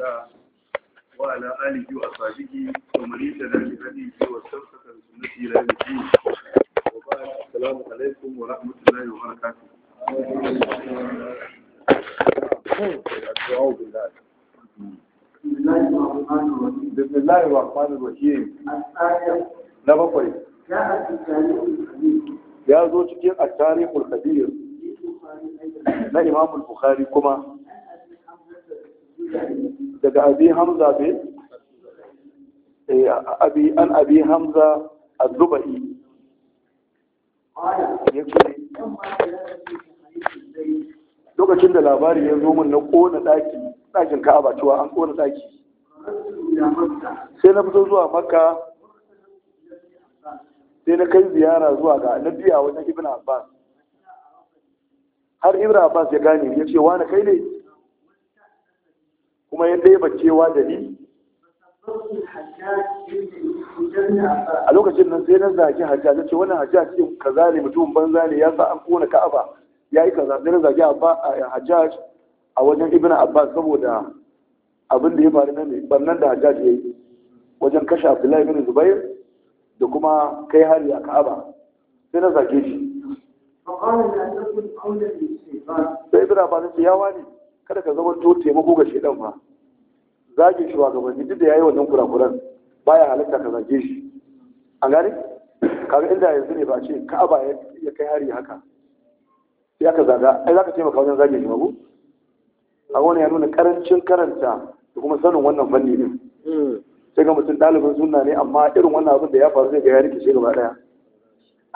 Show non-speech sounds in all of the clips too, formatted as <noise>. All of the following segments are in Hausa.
الله وعلى آله وأصحابه ومن اهتدى بهديه واستمسك بسنته إلى يوم الدين وبعد السلام عليكم ورحمة الله وبركاته. الدعاء بالله بسم الله الرحمن الرحيم na bakwai ya zo cikin attarihul kabir na imamul bukhari kuma daga abi hamza be eh, abi an abi hamza az-zubai lokacin da labari ya zo min na kona daki dakin ka'aba cewa an kona daki sai na fito zuwa makka sai na kai ziyara zuwa ga na biya wajen ibn abbas har ibn abbas ya gane ya ce wani kai ne kuma ya cewa da ni a lokacin nan sai na zaki hajjaj ya ce wannan hajjaj ce kaza ne mutum banza ne ya sa an kona ka'aba ya yi kaza sai na zaki eh, hajjaj a wajen ibn abbas saboda abin da ya faru na ne barnan da hajjaj ya yi wajen kashe abdullahi bin zubair da kuma kai hari a ka'aba sai na zage shi sai ibn abbas ya ce yawa ne kada ka zama to taimako ga shedan fa zagin shugabanni duk da yayi wannan kurakuran baya halitta ka zage shi an gane kaga inda yanzu ne ba ce ka'aba ya kai hari haka sai aka zaga ai zaka taimaka wajen zage shi ba a wani ya nuna karancin karanta da kuma sanin wannan fanni din hmm. sai ga mutum ɗalibin sunna ne amma irin wannan abin da ya faru zai ga ya rikice gaba ɗaya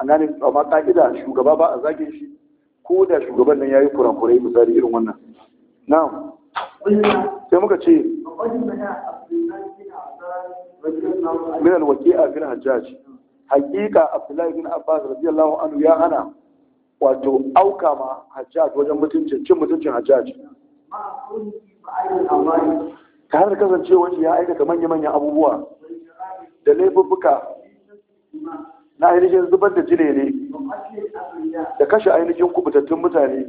an gane amma ka'ida shugaba ba a zage shi ko da shugaban nan ya yi kurakurai misali irin wannan na'am sai muka ce min alwaqi'a bin hajjaj haƙiƙa abdullahi bin abbas radiyallahu anhu ya hana wato auka ma hajjaj wajen mutuncin cin mutuncin hajjaj ta har kasancewa ya aikata manya-manyan abubuwa da laifuffuka na ainihin zubar da jire ne da kashe ainihin kubutattun mutane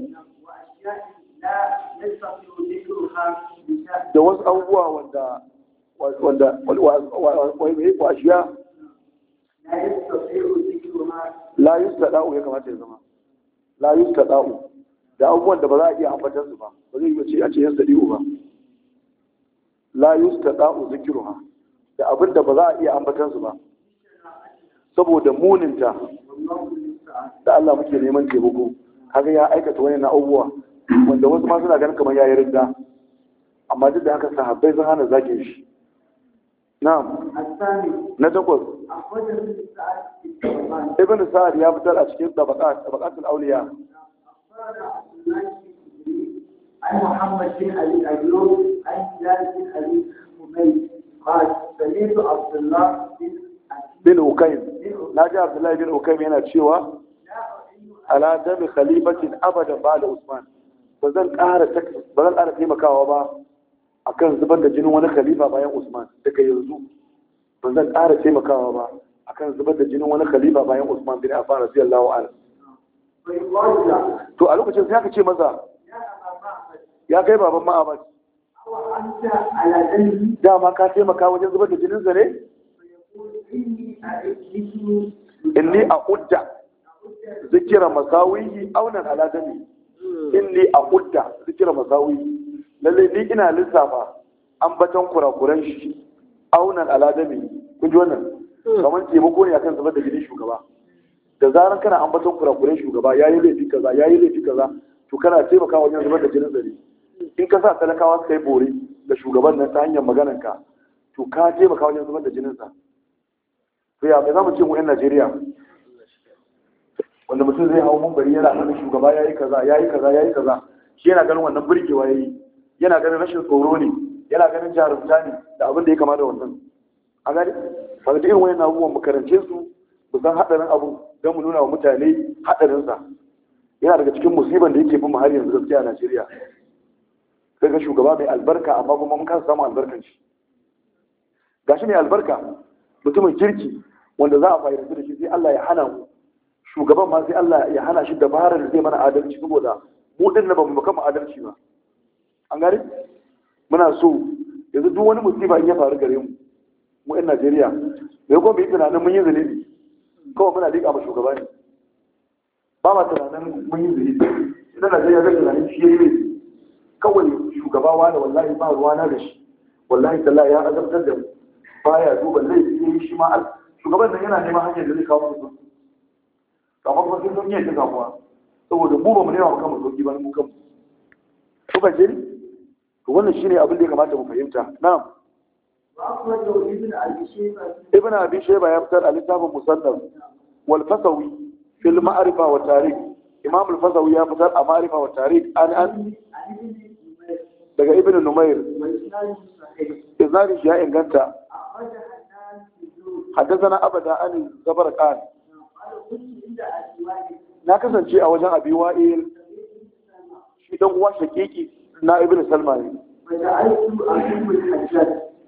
da wasu abubuwa wanda wanda washiya la su taɗa'u ya kamata ya zama la su taɗa'u da abubuwan da ba za a iya ambatar su ba ba zai yi ce a ce yan sadi'u ba la taɗa'u zikiru ha. da abin da ba za a iya ambatar su ba saboda muninta da Allah muke neman taimako kaga ya aikata wani na abubuwa wanda wasu masu na ganin kamar yayin rinda amma duk da haka sa, sahabbai zan hana zaƙe shi na'am na takwas ibn sa'ad ya fitar a cikin tabaqat tabaqat al ai muhammad bin ali ajro ai bilal bin ali umay qad samitu abdullah bin ukaym na ji Abdullahi bin ukaym yana cewa ala dami khalifatin abadan da usman ba zan ƙara taimakawa ba a kan zubar da jinin wani khalifa bayan usman daga yanzu ba zan ƙara taimakawa ba a kan zubar da jinin wani khalifa bayan usman bin affan radiyallahu anhu to a lokacin sai aka ce maza ya kai baban da dama ka taimaka wajen zubar da jinin zane inni a udda zikira masawihi aunan aladami inni a kudda zikira mazawi lalle ni ina lissafa batan kurakuran shi aunan aladami kun ji wannan hmm. kamar taimako ne akan zubar da gidan shugaba da zaran kana batan kurakuran shugaba yayi laifi kaza yayi laifi kaza to kana taimaka wajen zubar da jinin zare in ka sa talakawa suka yi bore da shugaban nan ta hanyar maganar ka to ka taimaka wajen zubar da jinin sa to ya me zamu ce mu yan Najeriya wanda mutum zai hau mumbari yana mana shugaba ya yi kaza ya yi kaza ya yi kaza shi yana ganin wannan burgewa ya yi yana ganin rashin tsoro ne yana ganin jarumta ne da abin da ya kama da wannan a gani ba da irin wayan abubuwan makarance su ba san haɗarin abu don mu nuna wa mutane haɗarinsa yana daga cikin musiban da yake bin mu har yanzu gaskiya a Najeriya sai ga shugaba mai albarka amma kuma mun kasa samu albarkan shi gashi mai albarka mutumin kirki wanda za a fahimci da shi sai Allah ya hana mu shugaban ma sai Allah ya hana shi dabarar da zai mana adalci saboda mu din ba mu kama adalci ba an gari muna so yanzu duk wani musiba in ya faru gare mu mu yan Najeriya bai kuma bai tunanin mun yi zunubi kawai muna liƙa ma shugaba ne ba ma tunanin mun yi zunubi idan Najeriya zai tunanin shi yayi kawai shugaba wani wallahi ba ruwa na da shi wallahi tallahi ya azabtar da mu baya duba laifi shi ma shugaban nan yana neman hanyar da zai kawo mutum amma kuma sun sun yanke kamuwa saboda mu ba mu nema kanmu sauki ba mu kanmu ko ba jini to wannan shine abin da ya kamata mu fahimta na'am ibn abi shayba ya fitar a littafin musannaf wal fasawi fil ma'rifa wa tarikh imam al fasawi ya fitar a ma'rifa wa tarikh an an daga ibn numair iznari ya inganta حدثنا أبدا عن الزبرقان na kasance a wajen abi wa'il shi dan uwa shakiki na ibn salma ne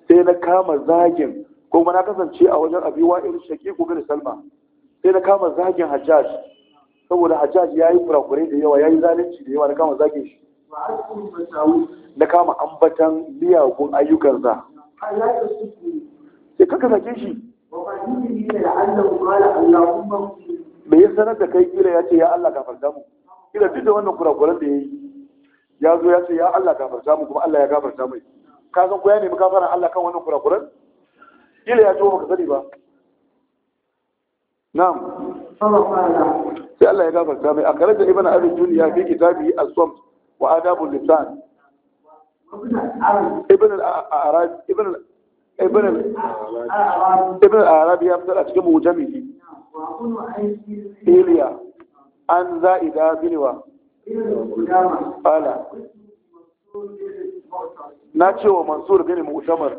sai na kama zagin kuma na kasance a wajen abi wa'il shakiku ibn salma sai na kama zagin hajjaj saboda hajjaj ya yi kurakure da yawa ya yi zalunci da yawa na kama zagin shi na kama ambatan miyagun ayyukansa sai kaka zage shi me ya sanar da kai Kira ya ce ya Allah gafarta mu Kira duk da wannan kurakuran da ya yi ya zo ya ce ya Allah gafarta mu kuma Allah ya gafarta mai ka san ko ya nemi kafaran Allah kan wannan kurakuran kila ya ce ba ka sani ba na'am sai Allah ya gafarta mai akaraja ibn abi duniya fi kitabi as-samt wa adabul lisan ibn al-arab ibn ibn al-arabi ya fitar a cikin mujamili iliya an za'ida bilwa qala na cewa mansur gani mu'tamar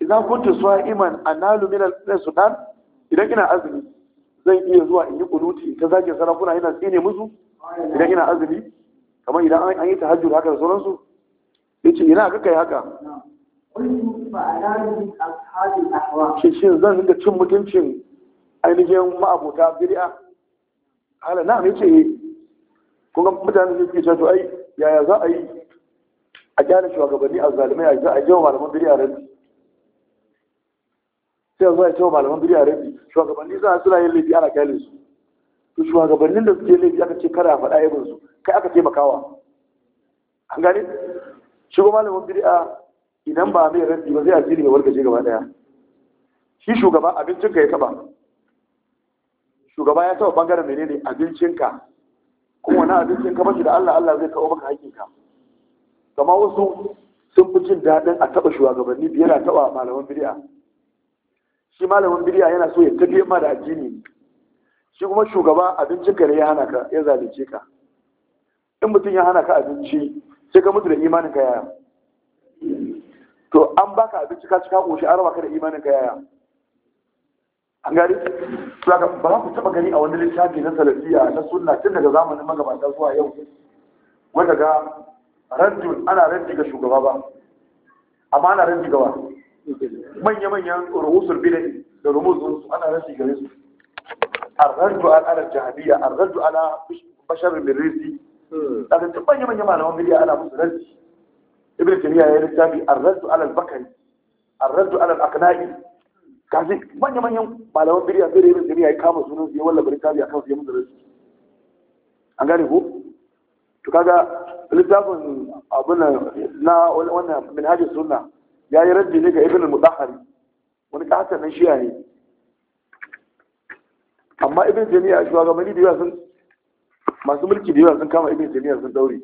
idan kuntu sa'iman analu min al-sudan idan ina azumi zai iya zuwa in yi kunuti ta zage sarakuna ina tsine musu idan ina azumi kamar idan an yi ta tahajjud haka da sauransu ce ina ka kai haka shin zan ringa cin mutuncin ainihin ma'abota bid'a hala na ne ce kun mutane da suke cewa ai yaya za a yi a gyara shugabanni a zalimai a za a yi malaman bid'a rabi sai a zo a cewa malaman bid'a rabi shugabanni za a suna yin laifi ana kyale su to shugabannin da suke laifi aka ce kada a faɗa yabin su kai aka taimakawa an gane shugaban malaman bid'a idan ba mai raddi ba zai addini ya wargaje gaba daya shi shugaba abincinka ya taba shugaba ya taba bangaren menene abincinka kuma wani abincinka ba shi da Allah Allah zai kawo maka hakinka kama wasu sun fi jin daɗin a taɓa shugabanni biyar a taɓa malaman bidiya shi malamin bidiya yana so ya tafi ma da addini shi kuma shugaba abincinka ne ya hana ka ya zalunce ka in mutum ya hana ka abinci sai ka mutu da imanin ka yaya to an baka abinci ka cika koshi an raba ka da imanin ka yaya an gari ba za ku taba gani a wani littafi na salafiya na sunna tun daga zamanin magabata zuwa yau wanda ga rajul ana raddi ga shugaba ba amma ana raddi gawa manya-manyan ruhusul bidai da rumuzun su ana raddi gare su arraddu ala jahabiyya arraddu ala bashar birrisi daga hmm. tun manya-manyan malaman bidai ana musu raddi ibn tamiya ya littafi ar-raddu ala al-bakari ar-raddu ala al-aqna'i kaji manyan manyan malaman bidiya sai da ibn tamiya ya kama sunan sai ya wallafa littafi akan sai ya an gane ko to kaga littafin abuna na wannan Haji sunna ya yi raddi ne ga ibn al-mudahhari wani katon nan shiya ne amma ibn tamiya shugabanni da yawa sun masu mulki da yawa sun kama ibn tamiya sun daure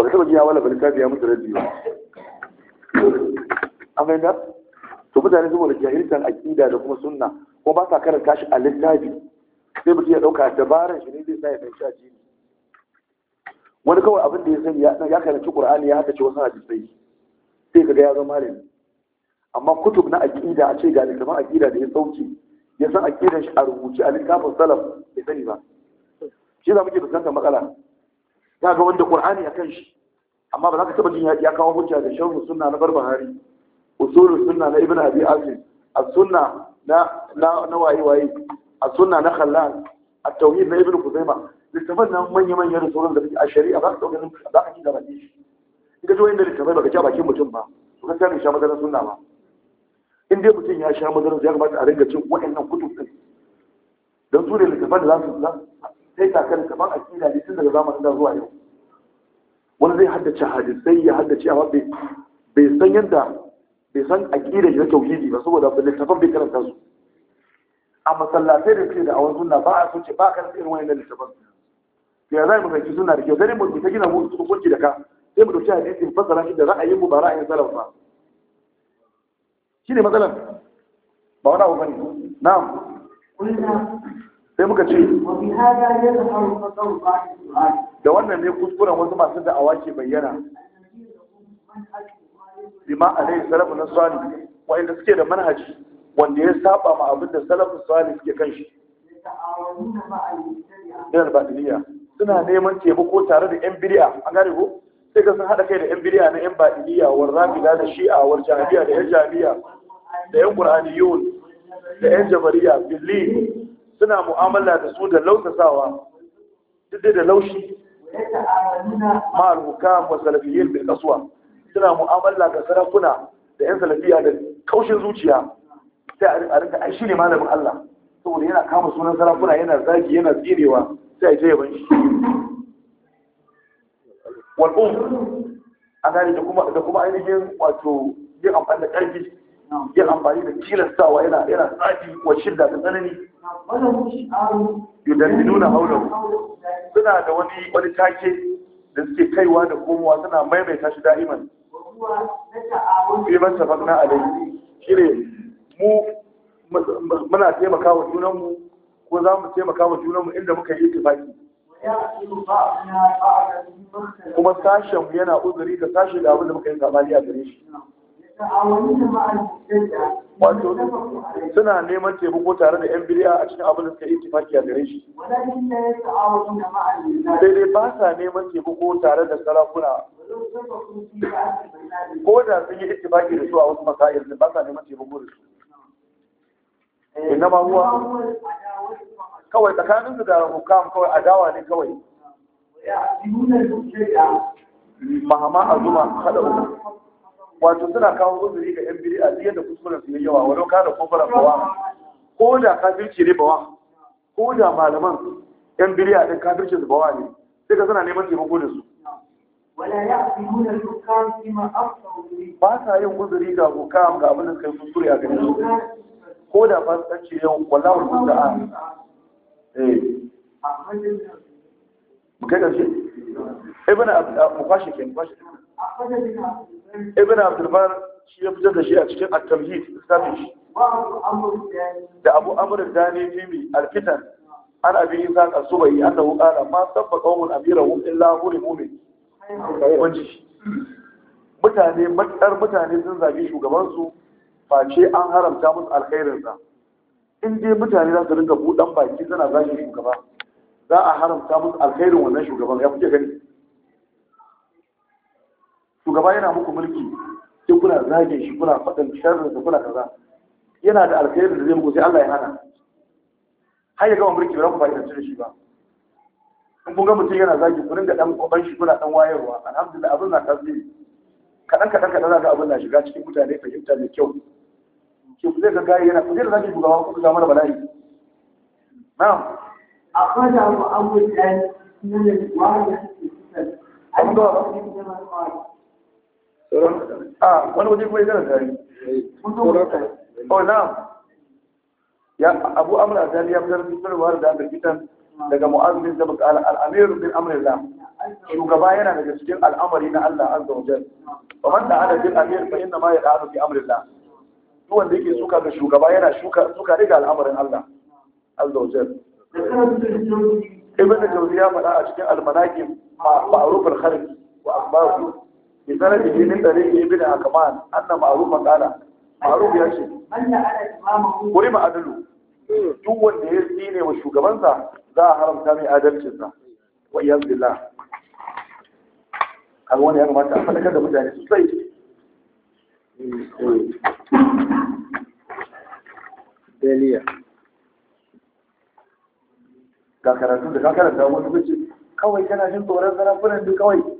wata ka taba ji ya wallafa littafi ya musu raddi ba an fahimta to mutane saboda jahiltan aƙida da kuma sunna kuma ba sa karanta shi a littafi sai mutum ya ɗauka dabaran shi ne zai sa ya fahimci jini. wani kawai abin da ya sani ya karanci qur'ani ya haka ce wasu hadisai sai kaga ya zama malami amma kutub na aqida a ce ga littafin aƙida da ya sauke ya san aqidan shi a rubuce a littafin salaf bai sani ba shi za mu ke fuskantar matsala za ga wanda qur'ani akan shi amma ba za ka taba jin ya kawo hujja da sharh suna na barbahari usul suna na ibn abi asim as-sunna na na waye waye as-sunna na khallan a tauhid na ibn kuzaima littafan na manya manyan sauran da suke. a shari'a ba ka dauka za ka ci gaba ne shi ga zo inda littafai ba ka ja bakin mutum ba to ka sani sha madarar suna ba in dai mutum ya sha madarar ya kamata a ringa cin waɗannan kutub din don su ne littafan da za su kai kakar a akida ne tun daga zamanin da zuwa yau wani zai haddace hadisai ya haddace a amma bai san yadda bai san akida na tauhidi ba saboda ba littafan bai karanta su a masallatai da ke da awon sunna ba a so ce ba kan irin wani littafan ya za mu fahimci suna da kyau sai mu ta gina ko kunci da ka sai mu dauki hadisi mu fassara shi da ra'ayin mu ba ra'ayin salafa ba ne matsalar ba wani abu bane na'am sai muka ce da wannan ne kuskuren wasu masu awa ke bayyana bima alaihi salafu na sani wa'inda suke da manhaji wanda ya saba ma abin da na sani suke kan shi ɗin baɗiliya suna neman taimako tare da yan biriya an gane ko sai ka sun haɗa kai da yan biriya na yan badiliya war rafida da shi'a war jami'a da yan jami'a da yan qur'aniyun da yan jabariya billi suna mu'amala da su da lausasawa duk da laushi ma al-hukam wa salafiyyin bil suna mu'amala ga sarakuna da yan salafiya da kaushin zuciya sai a rinka ai shine malamin Allah saboda yana kama sunan sarakuna yana zagi yana tsirewa sai ya je ban shi wal um a gani da kuma da kuma ainihin wato yin amfani da karfi yin amfani da tilastawa yana yana tsafi wa shidda da tsanani yudan nuna haulau suna da wani wani take da suke kaiwa da komowa suna maimaita shi da'iman fi a tafakna alai ne. mu muna taimaka wa junanmu ko za mu taimaka wa junanmu inda muka yi baki. kuma sashen yana uzuri ga sashen da abin da muka yi sabani a gare shi wato suna neman taimako tare da yan biriya a cikin abin da suka yi tifaki a gare shi sai dai ba sa neman taimako tare da sarakuna ko da sun yi tifaki da su a wasu masayar ba sa neman taimako da su inna ma huwa kawai tsakanin su da hukam kawai adawa ne kawai mahama azuma kada uku wato suna kawo uzuri ga yan bid'a duk da kuskure su yayi yawa walau da kofar bawa ko da kafirci ne bawa ko da malaman yan bid'a din kafirci su bawa ne sai ka suna neman taimako da su ba sa yin uzuri ga hukam ga abin da kai kuskure a gare su ko da ba su ce yau wallahi eh mu kai da shi ibn abu kwashe ke kwashe ibn abdulbar shi ya fitar da shi a cikin at-tamhid islamish da abu amr dani fi al-fitan an abi isa kasubai annahu qala ma sabba qawmun amirahum illa hum mu'min wanji mutane matsar mutane sun zabi shugaban su face an haramta musu alkhairin sa in dai mutane za su rinka budan baki suna zabi shugaba za a haramta musu alkhairin wannan shugaban ya fice gani shugaba yana muku mulki sai kuna zage shi kuna faɗin sharri da kuna kaza yana da alkhairi da zai muku sai Allah ya hana har ya gama mulki ba ku fa'idanci da shi ba in kun ga mutum yana zage, ku da dan kwaban shi kuna dan wayarwa alhamdulillah abin na tasiri kaɗan kaɗan kaɗan ga abin na shiga cikin mutane fahimta mai kyau ke ku zai ga yana ku zai da zagi shugaba ku ga mara bala'i na'am a kwada mu abubuwan nan wani da suke fitar an ga tsoron ah, wani waje kuma ya karanta ne kun zo oh na'am ya abu amr azali ya fitar fitar wa da da kitan daga mu'az bin jabal al amir bin amr da shugaba yana daga cikin al'amari na Allah azza wa jalla wa man da ala bil amir fa inna ma ya'alu fi amri Allah duk wanda yake suka ga shugaba yana shuka suka daga al'amarin Allah azza wa jalla ibn jawzi ya faɗa a cikin al-manaqib ma'ruf al-khalq wa akhbaruhu bi da jinin da rike ibn akaman annan ma'ruf qala ma'ruf ya ce kuri ma'adalu. duk wanda ya tsine wa shugabansa za a haramta mai adalcinsa wa iya zila kaga wani ya kamata a fadakar da mutane sosai Deliya. Ga karatu da ka karanta wani kawai kana jin tsoron zarafunan duk kawai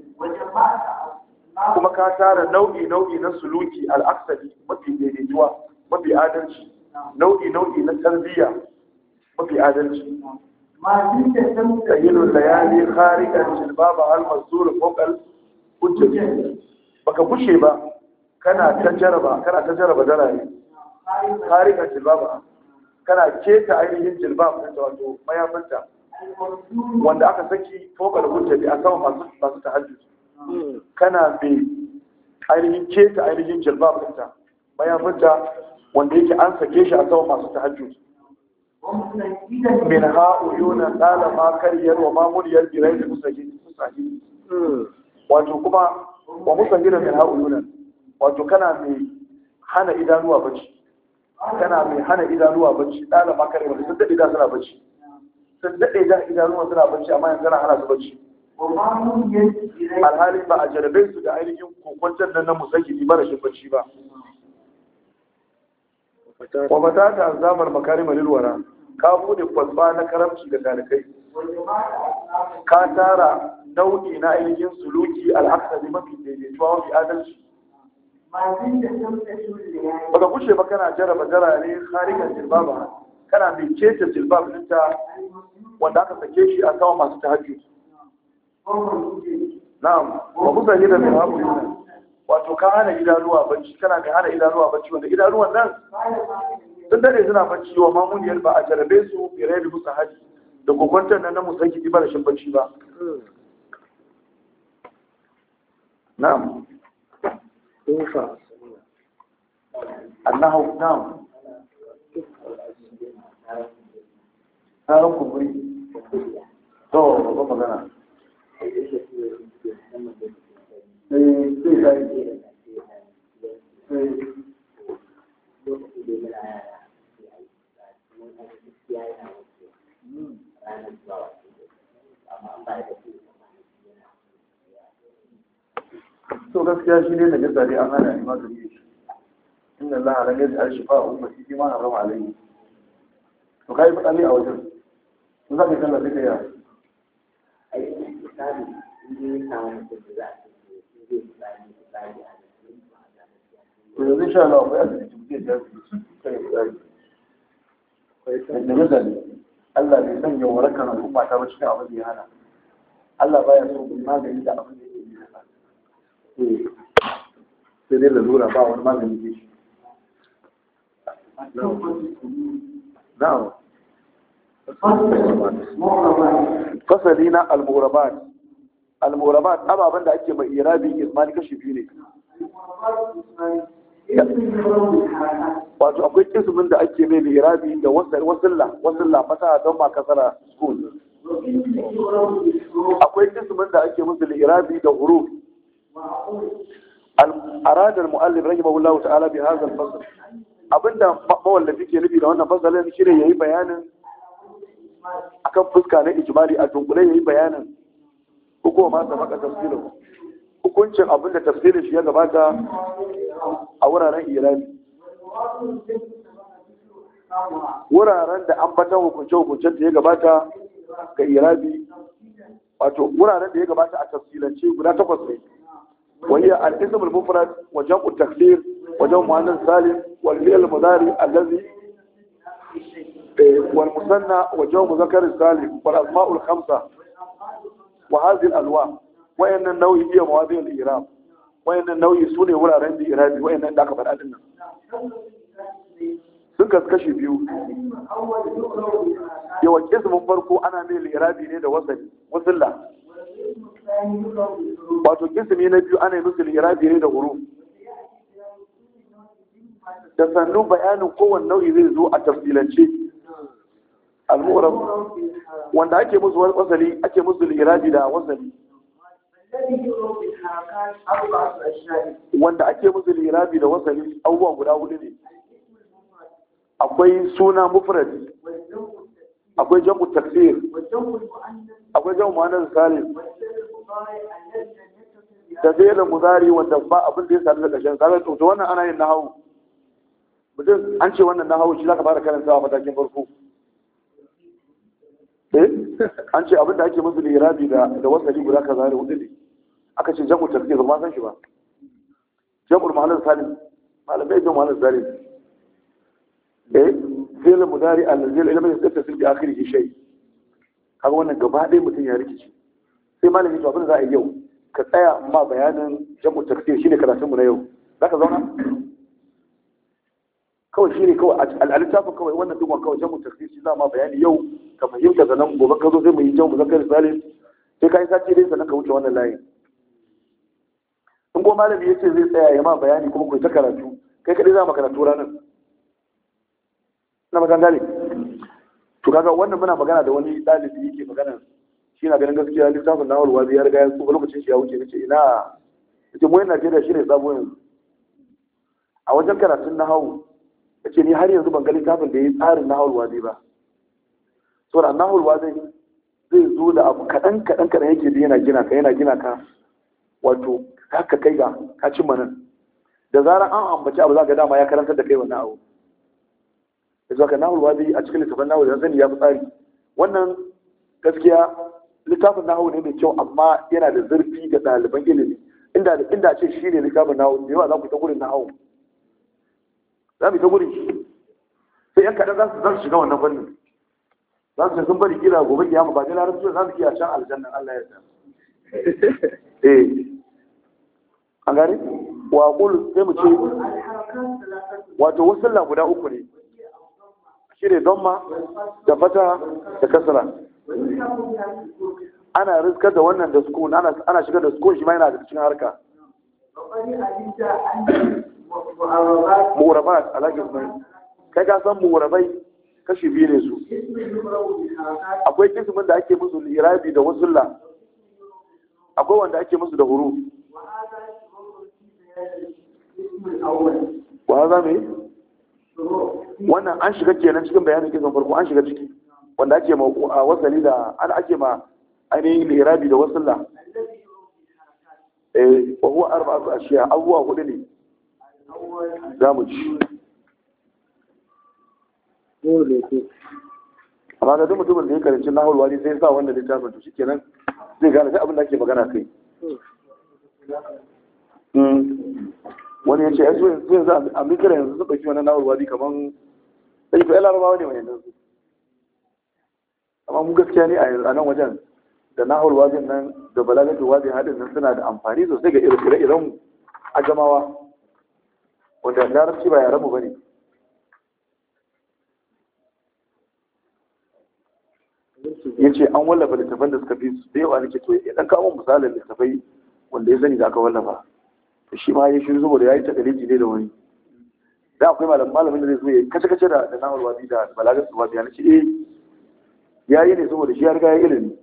kuma ka tara nau'i nau'i na suluki al'aksari mafi daidaituwa mafi adalci nau'i nau'i na tarbiyya mafi adalci tayyinun layali kharikan jilbaba al-mansur fokal hujjaj baka bushe ba kana ta jaraba kana ta jaraba daraye kharikan jilbaba kana keta ainihin jilbab ta wato mayafinta wanda aka saki fokal hujjaj a sama masu masu kana mai ainihin keta ainihin jilbab ɗinta bayan fita wanda yake an sake shi a saman masu tahajjud min ha'uyuna qala ma karyar wa ma muriyar bi ghayri musajjid wato kuma wa da min ha'uyuna wato kana mai hana idanuwa bacci kana mai hana idanuwa bacci qala ma kariyar sun daɗe idan suna bacci sun daɗe idan idanuwa suna bacci amma yanzu na hana su bacci alhalin ba a jarabe su da ainihin kokwantar nan na musakili ba rashin bacci ba wa mata ta azamar makari wara, ka bude kwalba na karamci ga talibai ka tara nau'i na ainihin suluki al'akari mafi daidaituwa mafi adalci baka kushe ba kana jaraba jarare harikan jilbaba kana mai keta jilbab ɗinta wanda aka sake shi a sama masu tahajjud na'am wa buga gida min haɓuri wato ka hana idanuwa bacci kana ka hana idanuwa bacci wanda idanuwan nan sun dade suna bacci wa mamuniyar ba a jarabe su bi rai musu haji da kokwantar nan na musanki ba da shin bacci ba na'am infa annahu na'am tarin kumburi to ba magana gaskiya shi ne na gasa dai an hana ni magani da shi inna Allah la yaj'al shifa'a ummati fi ma harrama alayhi to kai fada ne a wajen in za ka kalla sai kai ya ai misali in dai ka mutu da to yanzu insha Allah akwai asibiti mutum da kai fitsari da misali Allah bai sanya warkar al'umma ta ba cikin abin da ya hana Allah baya so magani da abin da ya hana sai dai lalura ba wani magani ne shi fasali na al-murabat al-murabat ababen da ake mai irabi ismani kashi biyu ne wato akwai kismin da ake mai irabi da wasilla wasilla fata don makasara school akwai kismin da ake musu irabi da huruf أراد المؤلف رحمه الله تعالى بهذا الفصل abinda mawallafi ke nufi da wannan fasalin shine yayi bayanin akan fuska na ijmali a dunkule yayi bayanin hukuma ma ta maka tafsirin hukuncin abinda tafsirin shi ya gabata a wuraren irani wuraren da an bata hukunce hukuncen da ya gabata ga irabi wato wuraren da ya gabata a tafsilance guda takwas ne وهي الاسم المفرد وجمع التكسير وجمع مؤنث سالم والفعل المضارع الذي والمثنى وجمع مذكر سالم والاسماء الخمسه وهذه الانواع وان النوع هي مواضيع الاعراب وان النوع سوني ولا رند اعرابي وان ذاك فدادنا sun kaskashi biyu yawan ismin farko ana mai lirabi ne da wasali wasilla wato gisimi na biyu ana yi musu lirabi ne da huru da sannu bayanin kowane nau'i zai zo a tafsilance al wanda ake musu wasali ake musu lirabi da wasali wanda ake musu lirabi da wasali abubuwa guda hudu ne akwai suna mufradi akwai jamu tafsir akwai jamu mu'annas salim da zai muzari wanda ba abin da ya sami da shan kaga to da wannan ana yin nahawu mutum an ce wannan nahawu shi zaka fara karantawa matakin farko eh an ce abin da ake musu lirabi da da wasali guda ka zare hudu ne aka ce jam'u tafiye ba san shi ba jam'ul ma'anar salim malamai jam'u ma'anar salim eh fi'il mudari al-zil ilmi tafsir bi akhirih shay kaga wannan gaba ɗaya mutum ya rikice sai malami to abin da za a yi yau ka tsaya ma bayanin jam'u takfir shine karatun mu na yau za ka zauna kawai shine kawai al'alitafin kawai wannan duk kawai jam'u takfir shi za ma bayani yau ka fahimta zanen gobe ka zo sai mu yi jam'u zakar salim sai ka yi sati dai sannan ka wuce wannan layin in ko malami ya ce zai tsaya ya ma bayani kuma ku ta karatu kai kadai za mu karatu ranar na magana ne to kaga wannan muna magana da wani dalibi yake magana shi na ganin gaskiya littafin na walwa ya riga ya tsufa lokacin shi ya wuce nace ina yace mu yana jira shi ne sabo yanzu a wajen karatun nahawu yace ni har yanzu ban ga littafin da ya yi tsarin walwa dai ba na walwa dai zai zo da abu kaɗan kadan kadan yake da yana gina ka yana gina ka wato haka kai ga ka cimma nan da zarar an ambaci abu za ka dama ya karanta da kai wannan abu yanzu zuwa na walwa dai a cikin littafin zan yi ya fi tsari wannan gaskiya littafin nahawu ne mai kyau amma yana da zurfi ga ɗaliban ilimi inda inda ce shi ne littafin nahawu da yawa za ku ta gurin nahawu za mu ta gurin shi sai yan kaɗan za su shiga wannan fannin za su sun bari kira gobe mu ba dai larabci za su iya can aljanna Allah ya san <laughs> eh an gane wa qul sai mu ce wato wasalla guda uku ne shi ne damma da fata da kasara ana rizkar da wannan da sukun ana shigar da sukun shi ma yana da cikin harka murabat alaƙin mai kai ka san murabai kashi biyu ne su akwai kisimin da ake musu irabi da wasulla akwai wanda ake musu da huru wa za mu yi wannan an shiga kenan cikin bayanin kisan farko an shiga ciki wanda ake ma a wasali da an ake ma ainihin lirabi da wasalla eh wa huwa arba'atu ashiya abuwa hudu ne za mu ci amma ga duk mutumin da ya karanci nahul wali sai sa wannan tafi to shikenan zai gane duk abin da ake magana kai hmm. wani ya ce yanzu yanzu a mikira yanzu su ɗauki wani nahul wali kaman ɗauki eh, ɗaya larabawa ne mai yanzu amma mu gaskiya ne a nan wajen da nahul wajen nan da balagatu wajen haɗin nan suna da amfani sosai ga ire-iren ajamawa wanda larabci ba yaran mu bane ce an wallafa littafan da suka fi su da yawa nake to ya ɗan kawo misalin littafai wanda ya sani da aka wallafa to shi ma ya shiru saboda ya ta dalili ne da wani da akwai malamin da zai zo ya kace kace da nahul wajin da balagatul wajen ya ce eh ya yi ne saboda shi ya riga ya ilimi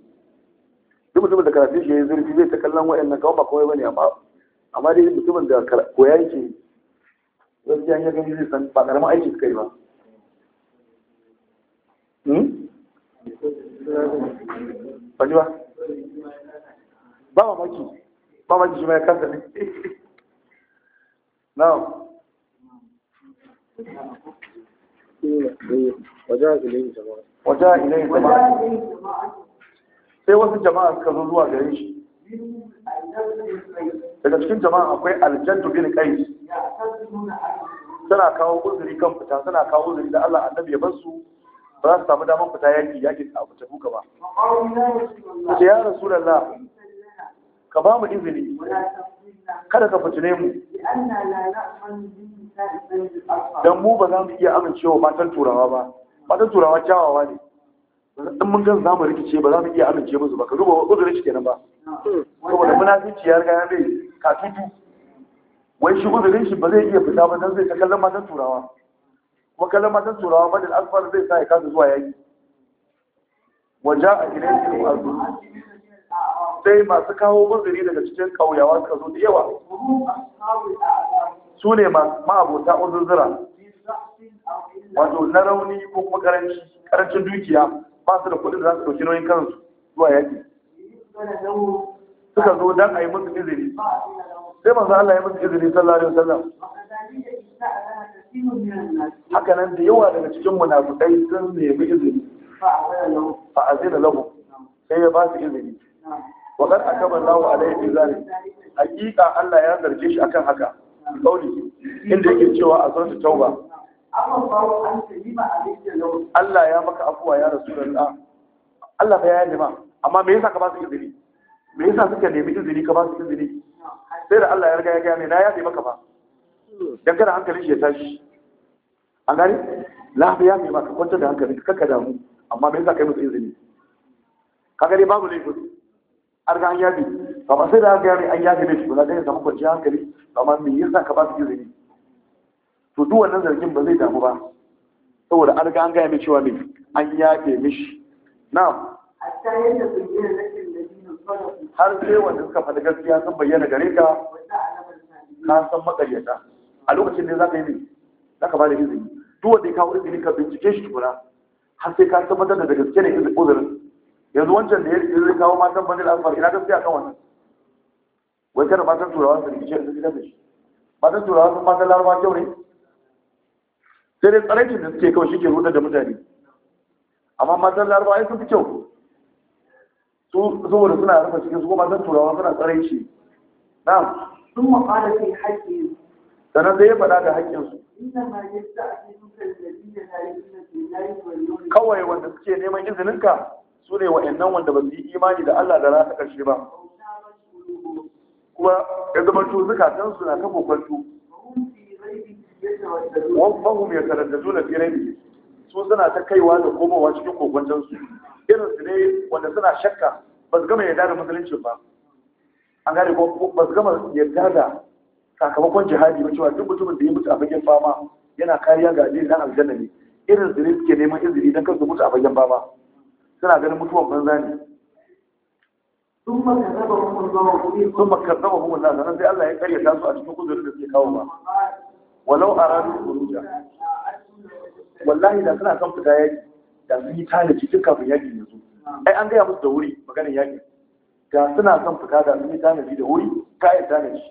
duk mutumin da karatun shi ya yi zurfi zai ta kallon wa'annan kawai ba kawai bane amma amma dai mutumin da koya yake gaskiya ya gani zai san ba karamin aiki suka yi ba hmm? Bani ba? Ba mamaki, ba mamaki shi ya ne. <laughs> Na'am. Wajen jama'a. waja ilai jama'a sai wasu jama'a suka zo zuwa gare shi daga cikin jama'a akwai aljantu bin kai suna kawo uzuri kan fita suna kawo uzuri da Allah annabi ya bar su ba za su samu daman fita yaki yaki a fita buka ba ce ya rasulullah ka ba mu izini kada ka fitine mu don mu ba za mu iya amincewa matan turawa ba matan turawa kyawawa ne in mun gan zamu rikice ba za mu iya amince musu ba ka duba uzurin shi kenan ba saboda munafici ya riga ya bai katutu wai shi uzurin shi ba zai iya fita ba dan zai ta kallon matan turawa kuma kallon matan turawa ba da asfar zai sa ya kasa zuwa yaki waje a gidan su a zuru sai masu kawo uzuri daga cikin kauyawa suka zo da yawa su ne ma'abota uzurzura wato na rauni ko kuma karanci karancin dukiya ba su da kuɗin da za su ɗauki nauyin kansu zuwa yaƙi suka zo don a yi musu izini sai manzo Allah ya musu izini sallallahu alaihi wasallam haka nan da yawa daga cikin munafukai sun nemi izini fa azina lahu sai ya ba su izini wa kad akaba Allahu alaihi bi zalik hakika Allah ya zarge shi akan haka kauli inda yake cewa a surat tauba Allah ya maka afuwa ya Rasulullah Allah ya yi ma amma me yasa ka ba su izini me yasa suka nemi izini ka ba su izini sai da Allah ya riga ya gane na ya maka ba dan kada hankalin shi ya tashi an gani lafi ya mai maka kwanta da hankali ka ka damu amma me yasa kai musu izini ka gani babu laifin an ga an yabi ba ba sai da an gane an yabi ne shi ba za ka kwanciyar hankali amma me yasa ka ba su izini to duk wannan zargin ba zai damu ba saboda an ga an gaya mai cewa mai an yafe mishi Na. har sai wanda suka faɗi gaskiya sun bayyana gare ka ka san makaryata a lokacin da za ka yi ne za ka ba da izini duk wanda ya kawo izini ka bincike shi tukuna har sai ka tabbatar da gaske ne izini uzurin yanzu wancan da ya zai kawo matan bandar alfar ina gaskiya kan wannan wai kada matan turawa su rikice su rikice da shi matan turawa sun matan larabawa kyau ne sai dai tsaraicin da suke kawai shi ke rudar da mutane amma matan larba ya fi kyau su saboda suna rufe cikin su kuma matan turawa suna tsaraici na sun mafada sai haƙƙi sannan zai faɗa da haƙƙinsu kawai wanda suke neman izininka su ne wa'annan wanda ba su yi imani da Allah da rana ƙarshe ba kuma ya zama su don na kafa kokwantu wahum ya tarandatu na firin su suna ta kaiwa da komowa cikin kogon su irin su ne wanda suna shakka ba su gama yadda da musulunci ba an gane ko ba su gama yadda da sakamakon jihadi ba cewa duk mutumin da ya mutu a fagen fama yana kariya ga addini dan aljanna ne irin su ne suke neman izini don kansu mutu a fagen fama suna ganin mutuwan banza ne ثم كذبهم الله ثم كذبهم sannan sai Allah ya karyata su a cikin kuzurin da suke kawo ba walau a ranar kuruja wallahi da suna kan fita yaki da sun yi tanaji duk kafin yakin ya ai an gaya musu da wuri maganin yakin da suna kan fita da sun yi tanaji da wuri kayan tanaji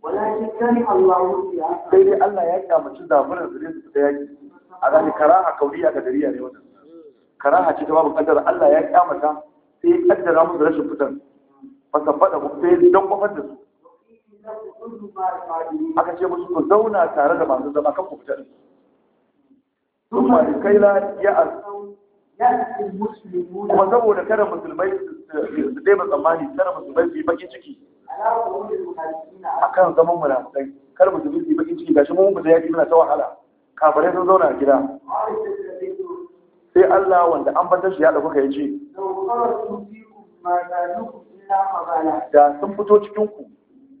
sai dai Allah ya kyamaci zaburar su ne su fita yaki a zaki karaha kauriya ga dariya ne wannan karaha ce ta babu kaddara Allah ya kyamata sai ya kaddara musu rashin fitan fasa fada sai don kwafar da su aka ce musu ku zauna tare da masu zama kan ku jari su kuma da kai la ya arzu kuma saboda kada musulmai su dai tsammani kada musulmai su yi bakin ciki A kan zaman munafikai kada musulmai su yi bakin ciki gashi mun ya yaki muna ta wahala kafirai sun zauna a gida sai Allah wanda an bata shi ya dauka kai ce da sun fito cikin ku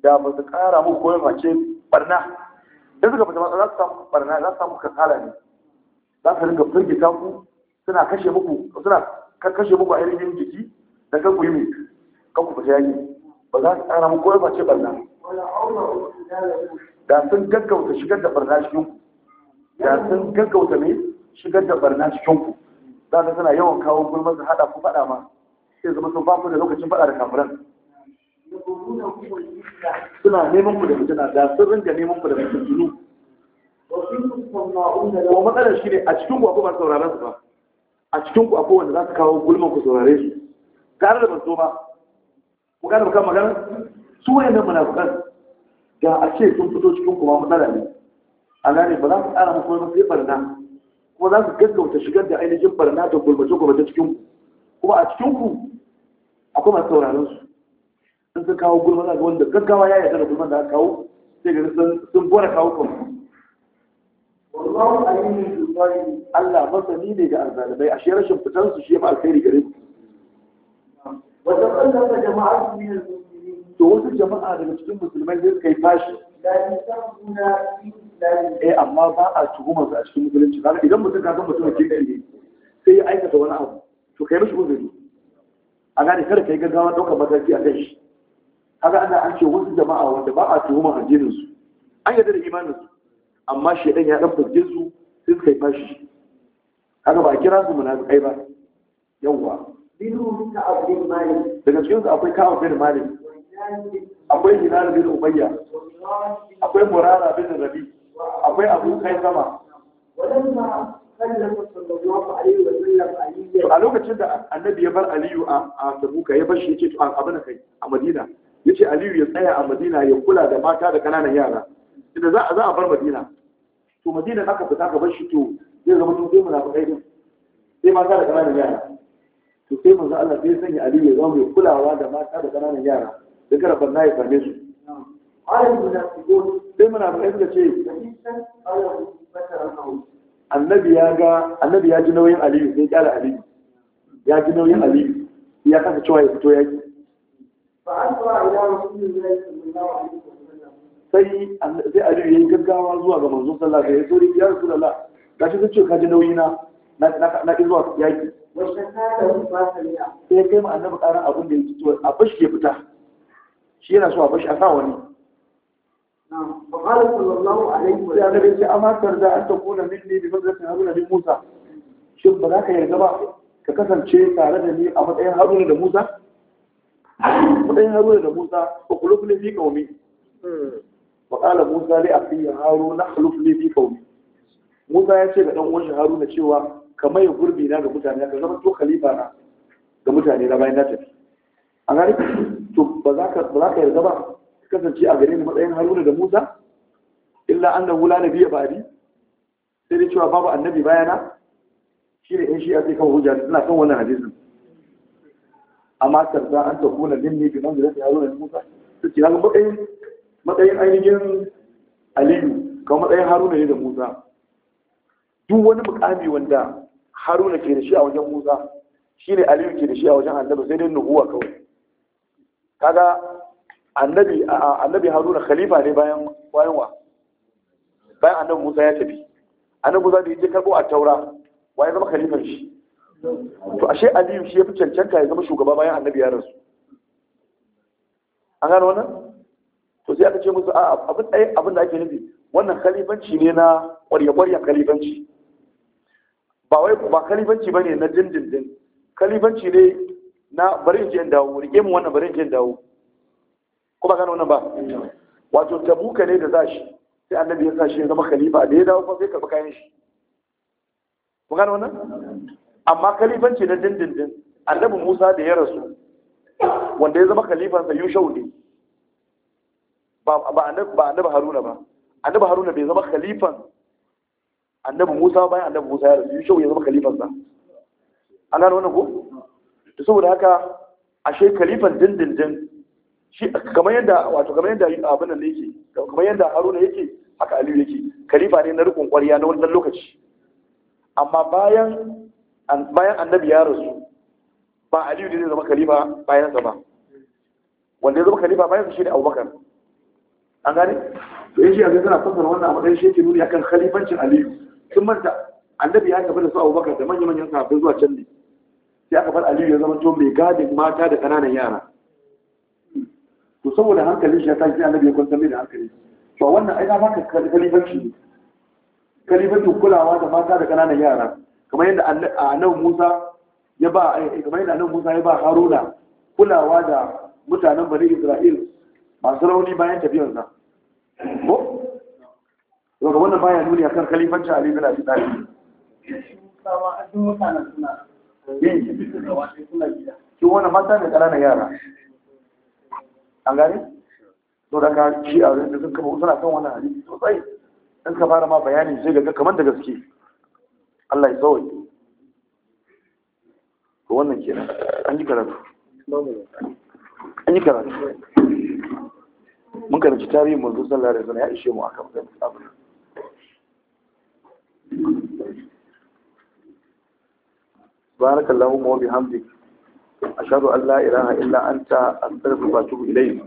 da ba su mu muku koyon mace barna da suka fita matsala za su samu barna za su samu kasala ne za su ringa firgita ku suna kashe muku suna kashe muku ainihin jiki da kan ku yi mai kan ku fita yaki ba za su mu muku koyon mace barna da sun gaggauta shigar da barna cikin ku da sun gaggauta ne shigar da barna cikin ku za su suna yawan kawo gulmar su haɗa ku faɗa ma sai zama sun ba ku da lokacin faɗa da kafiran suna neman ku da mutuna da sun ringa neman ku da mutunu kuma matsalar shi ne a cikin ku akwai masu sauraron su ba a cikin ku akwai wanda za su kawo gulman ku saurare su tare da ban so ba ku gane bakan magana su wayannan munafukan da a ce sun fito cikin ku ma matsala ne a gane ba za su tsara muku wani sai barna kuma za su gaggauta shigar da ainihin barna da gulmace gulmace cikin ku kuma a cikin ku akwai masu sauraron su in sun kawo gulma za wanda gaggawa ya yarda da gulman da aka kawo sai ga sun bora kawo kan wallahu alimin billahi Allah masani ne ga azzalibai ashe rashin fitan su shi ma alkhairi gare ku wa taqallaba jama'atu min al-muslimin to wasu jama'a daga cikin musulmai sai suka yi fashi eh amma ba a tuhumar su a cikin musulunci kaga idan mutum ka san mutum kirki ne sai ya aikata wani abu to kai mishi uzuri a gane kada kai gaggawa ɗaukar mataki a kai shi haka ana an ce wasu jama'a wanda ba a tuhuma addinin su an yarda da imanin su amma shedan ya ɗan fuske su sai suka yi fashi haka ba kira su munafikai ba yawwa daga cikin su akwai kawo bin malik akwai hilal bin ubayya akwai murara bin rabi akwai abu kai sama a lokacin da annabi ya bar aliyu a tabuka ya bar shi ya ce abin kai a madina ya ce aliyu ya tsaya a madina ya kula da mata da kananan yara inda za a za a bar madina to madina aka fita ka bar shi to zai zama tun sai munafikai din sai mata da kananan yara to sai manzo Allah sai sanya aliyu ya zama mai kulawa da mata da kananan yara da kada banna ya same su sai munafikai suka ce annabi ya ga annabi ya ji nauyin aliyu sai ya aliyu ya ji nauyin aliyu ya kasa cewa ya fito yaki sai sai a jirgin gaggawa zuwa ga manzon sallah sai ya so ya rasu da Allah ga shi zuciya ka ji nauyi na na ki zuwa yaki sai ya kai ma annabi karan abin da ya ci tuwa a bashi ke fita shi yana so a bashi a sa wani فقال صلى da an وسلم يا نبي أما ترضى أن Haruna مني Musa. هارون ba za ka yarda ba ka kasance tare da ni a matsayin Haruna da Musa? sai haruna da musa wa ne fi qaumi wa hmm. kala musa li na haruna ne fi kaumi musa ya ce ga dan uwan haruna cewa kamar ya gurbi na ga mutane ka zama to khalifa na ga mutane na bayan na tafi a gari to ba za ka ba za ka yarda ba kasance a gare ni matsayin haruna da musa illa annahu la nabiyya ba'di sai dai cewa babu annabi bayana shi ne in shi a sai kan hujja ina kan wannan hadisi amma tarza an ta kuna minni bi man zai yaro da Musa to ki ga matsayin matsayin ainihin Aliyu kuma matsayin Haruna ne da Musa duk wani mukami wanda Haruna ke da shi a wajen Musa shine Aliyu ke da shi a wajen Annabi sai dai nubuwa kawai kaga annabi annabi Haruna khalifa ne bayan bayan wa bayan Annabi Musa ya tafi Annabi Musa da yake karbo a Taura waye zama Khalifar shi to ashe aliyu shi ya fi cancanta ya zama shugaba bayan annabi ya rasu an gano wannan to sai aka ce musu a abin da abin da ake nufi wannan Khalifanci ne na ƙwarya-ƙwarya Khalifanci. ba wai ba kalifanci bane na dindindin Khalifanci ne na barin jin dawo rike mu wannan barin jin dawo ko ba gano wannan ba wato tabuka ne da zashi sai annabi ya sa shi ya zama khalifa da ya dawo fa sai karɓi kayan shi ko gano wannan amma kalifanci na dindindin annabi Musa da ya rasu wanda ya zama kalifansa Yushau ne ba annabi Haruna ba annabi Haruna bai zama kalifan annabi Musa bayan annabi Musa ya rasu Yushau ya zama kalifansa an gano wannan ko Da saboda haka ashe kalifan dindindin shi kamar yadda wato kamar yadda abin nan yake kamar yadda Haruna yake haka Aliyu yake kalifa ne na rikon ƙwarya na wannan lokaci amma bayan bayan annabi ya rasu ba aliyu ne zai zama khalifa bayan sa ba wanda ya zama khalifa bayan shi ne abubakar an gane to shi yanzu tana fassara wannan abu matsayin shekin yake nuni akan khalifancin aliyu sun manta annabi ya tafi da su abubakar da manyan manyan sabbin zuwa can ne sai aka bar aliyu ya zama to mai gadin mata da kananan yara to saboda hankalin shi ya tashi annabi ya kwantar da hankali to wannan ai na baka kalifanci ne khalifancin kulawa da mata da kananan yara kamar yadda annabi Musa ya ba kamar yadda annabi Musa ya ba Haruna kulawa da mutanen Bani Isra'il masu rauni bayan tafiyar sa ko daga wannan baya nuni akan khalifanci Ali bin Abi Talib ki wani mata ne ƙananan yara an gani? to da ka ci a wurin da sun kama suna kan wannan hadisi sosai in ka fara ma bayani sai daga kamar da gaske Allah ya tsawai ko wannan ke nan an ji karatu an ji karatu mun karanci tarihi mun zo sallah da zana ya ishe mu akan kan abu barakallahu wa bihamdik ashhadu an la ilaha illa anta astaghfiruka wa atubu ilayk